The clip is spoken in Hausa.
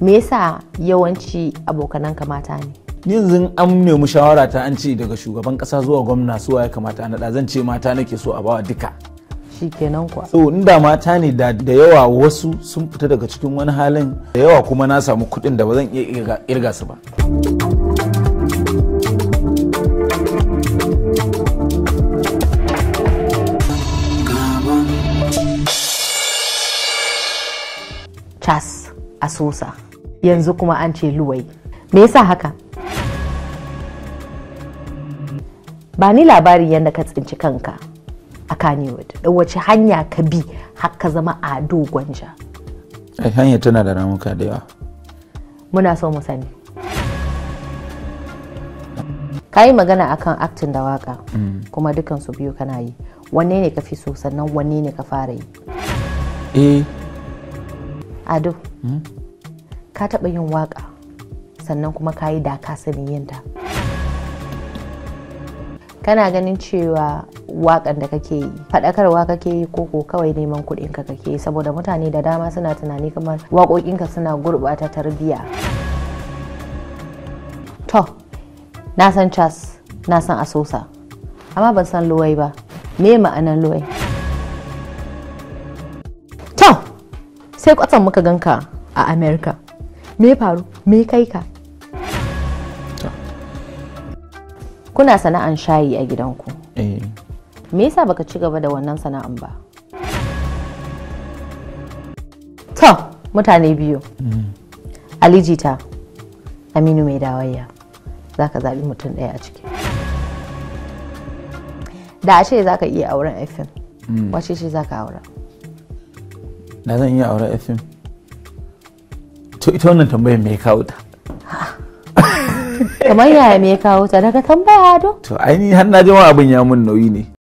me yasa yawanci abokananka mata ne yanzu an nemi shawara ta an ce daga shugaban kasa zuwa gwamna suwa ya kamata a naɗa zan ce mata nake so a bawa duka shikenan kuwa so inda mata ne da yawa wasu sun fita daga cikin wani halin da yawa kuma na samu kuɗin da ba zan iya irga su ba Chas a yanzu kuma an ce luwai me yasa haka ba ni labarin yadda ka tsinci kanka a kanewood da wace hanya ka bi haka zama a gwanja hanya tana da ramuka da yawa muna so mu sani ka yi magana akan aktin da waka kuma mm. kuma dukansu biyu kana yi wanne ne ka fi so sannan wanne ne ka fara yi eh ado mm. ka taɓa yin waƙa sannan kuma ka yi da ka yinta kana ganin cewa waƙan da kake yi faɗakarwa kake yi koko kawai neman kuɗinka kake yi saboda mutane da dama suna tunani kamar waƙoƙinka suna gurɓata tarbiyya to na san cas na san asosa amma ban san luwai ba me ma'anan luwai to sai kwatsan muka ganka a america me faru me kai ka kuna sana'an shayi a gidanku eh. me yasa baka ci gaba da wannan sana'an ba to mutane biyu mm. alijita aminu mai dawayya za ka zaɓi mutum ɗaya a ciki da ashe za ka iya auren fm mm. wace shi za ka aura da zan iya auren fm to ita wannan tambayar me ya kawo ta kamar yaya me ya kawo ta daga tambaya don. to ainihin har na jima abin ya mun nauyi ne